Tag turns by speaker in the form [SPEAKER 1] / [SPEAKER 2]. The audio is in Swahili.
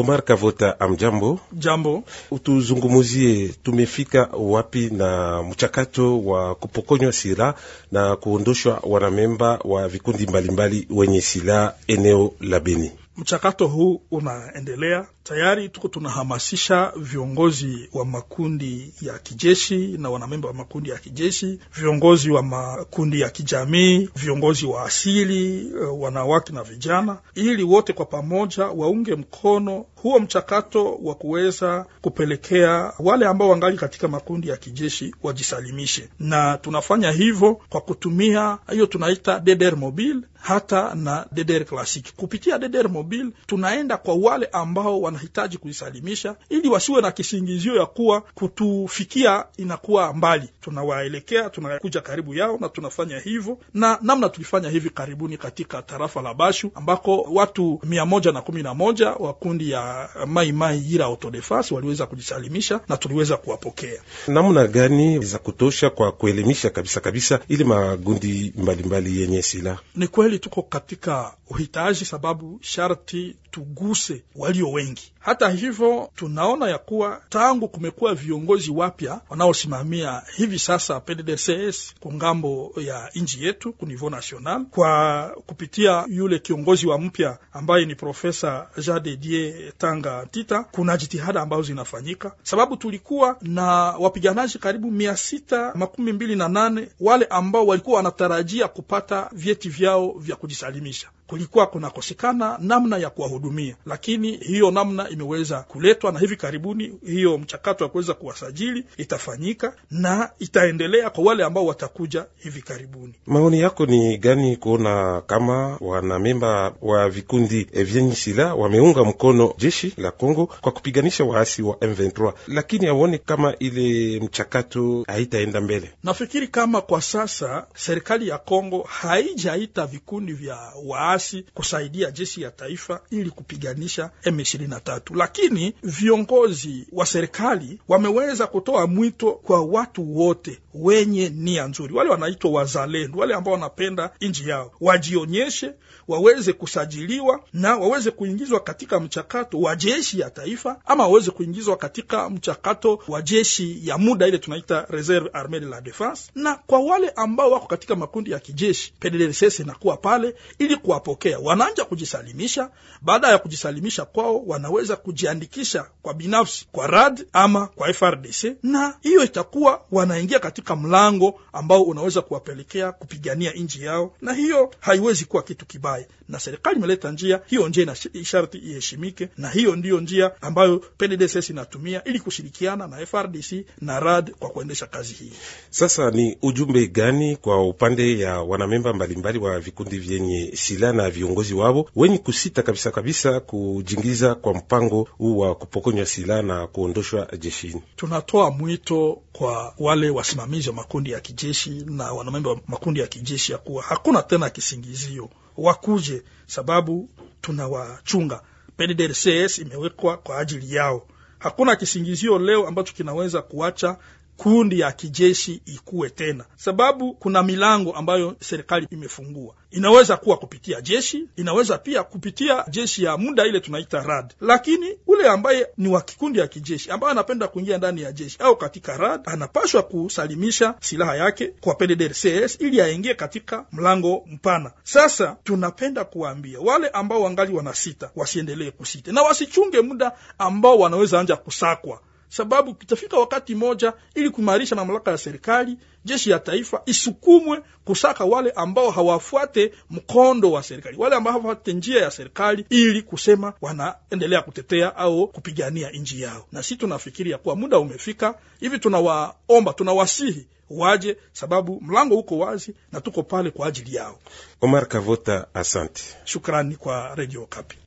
[SPEAKER 1] Omar Kavota, amjambo. Jambo. Utuzungumuzie, tumefika wapi na mchakato wa kupokonywa silaha na kuondoshwa wanamemba wa vikundi mbalimbali mbali wenye silaha eneo la Beni?
[SPEAKER 2] Mchakato huu unaendelea tayari tuko tunahamasisha viongozi wa makundi ya kijeshi na wanamemba wa makundi ya kijeshi, viongozi wa makundi ya kijamii, viongozi wa asili, eh, wanawake na vijana, ili wote kwa pamoja waunge mkono huo mchakato wa kuweza kupelekea wale ambao wangali katika makundi ya kijeshi wajisalimishe, na tunafanya hivyo kwa kutumia hiyo tunaita DDR mobile hata na DDR classic. Kupitia DDR mobile tunaenda kwa wale ambao wana tunahitaji kujisalimisha ili wasiwe na kisingizio ya kuwa kutufikia inakuwa mbali. Tunawaelekea, tunakuja karibu yao na tunafanya hivyo, na namna tulifanya hivi karibuni katika tarafa la Bashu ambako watu mia moja na kumi na moja wa kundi ya Mai Mai Yira Autodefense waliweza kujisalimisha na tuliweza kuwapokea.
[SPEAKER 1] Namna gani za kutosha kwa kuelimisha kabisa kabisa ili magundi mbalimbali mbali yenye silaha?
[SPEAKER 2] Ni kweli tuko katika uhitaji, sababu sharti tuguse walio wengi mengi. Hata hivyo, tunaona ya kuwa tangu kumekuwa viongozi wapya wanaosimamia hivi sasa PDDCS kwa ngambo ya nchi yetu kunivo national, kwa kupitia yule kiongozi wa mpya ambaye ni Profesa Jean de Tanga Tita, kuna jitihada ambazo zinafanyika, sababu tulikuwa na wapiganaji karibu mia sita makumi mbili na nane wale ambao walikuwa wanatarajia kupata vyeti vyao vya kujisalimisha. Kulikuwa kunakosekana namna ya kuwahudumia, lakini hiyo namna namna imeweza kuletwa, na hivi karibuni hiyo mchakato wa kuweza kuwasajili itafanyika na itaendelea kwa wale ambao watakuja hivi
[SPEAKER 1] karibuni. Maoni yako ni gani kuona kama wanamemba wa vikundi vyenye silaha wameunga mkono jeshi la Kongo kwa kupiganisha waasi wa M23, lakini awone kama ile mchakato haitaenda mbele?
[SPEAKER 2] Nafikiri kama kwa sasa serikali ya Kongo haijaita vikundi vya waasi kusaidia jeshi ya taifa ili kupiganisha M23 tatu, lakini viongozi wa serikali wameweza kutoa mwito kwa watu wote wenye nia nzuri, wale wanaitwa wazalendo, wale ambao wanapenda nchi yao, wajionyeshe, waweze kusajiliwa na waweze kuingizwa katika mchakato wa jeshi ya taifa, ama waweze kuingizwa katika mchakato wa jeshi ya muda, ile tunaita reserve armee de la defense. Na kwa wale ambao wako katika makundi ya kijeshi, PDLSS inakuwa pale ili kuwapokea, wanaanja kujisalimisha. Baada ya kujisalimisha kwao wana wanaweza kujiandikisha kwa binafsi kwa RAD ama kwa FRDC, na hiyo itakuwa wanaingia katika mlango ambao unaweza kuwapelekea kupigania nchi yao, na hiyo haiwezi kuwa kitu kibaya. Na serikali imeleta njia hiyo, njia ina sharti iheshimike, na hiyo ndiyo njia ambayo PDDSS inatumia ili kushirikiana na FRDC na RAD kwa kuendesha kazi hii.
[SPEAKER 1] Sasa ni ujumbe gani kwa upande ya wanamemba mbalimbali wa vikundi vyenye silaha na viongozi wao wenye kusita kabisa kabisa kujingiza kwa mpango huu wa kupokonywa silaha na kuondoshwa jeshini.
[SPEAKER 2] Tunatoa mwito kwa wale wasimamizi wa makundi ya kijeshi na wanamemba wa makundi ya kijeshi ya kuwa hakuna tena kisingizio, wakuje sababu tunawachunga. PDDRCS imewekwa kwa ajili yao. Hakuna kisingizio leo ambacho kinaweza kuacha kundi ya kijeshi ikuwe tena, sababu kuna milango ambayo serikali imefungua. Inaweza kuwa kupitia jeshi, inaweza pia kupitia jeshi ya muda ile tunaita rad, lakini ule ambaye ni wa kikundi ya kijeshi ambaye anapenda kuingia ndani ya jeshi au katika rad, anapashwa kusalimisha silaha yake kwa PDDRCS ili aingie katika mlango mpana. Sasa tunapenda kuwaambia wale ambao wangali wanasita wasiendelee kusita na wasichunge muda ambao wanaweza anja kusakwa sababu kitafika wakati moja, ili kuimarisha mamlaka ya serikali, jeshi ya taifa isukumwe kusaka wale ambao hawafuate mkondo wa serikali, wale ambao hawafuate njia ya serikali, ili kusema wanaendelea kutetea au kupigania nchi yao. Na si tunafikiria kuwa muda umefika hivi, tunawaomba tunawasihi waje, sababu mlango uko wazi na tuko pale kwa ajili yao. Omar
[SPEAKER 1] Kavota, asante,
[SPEAKER 2] shukrani kwa Radio Kapi.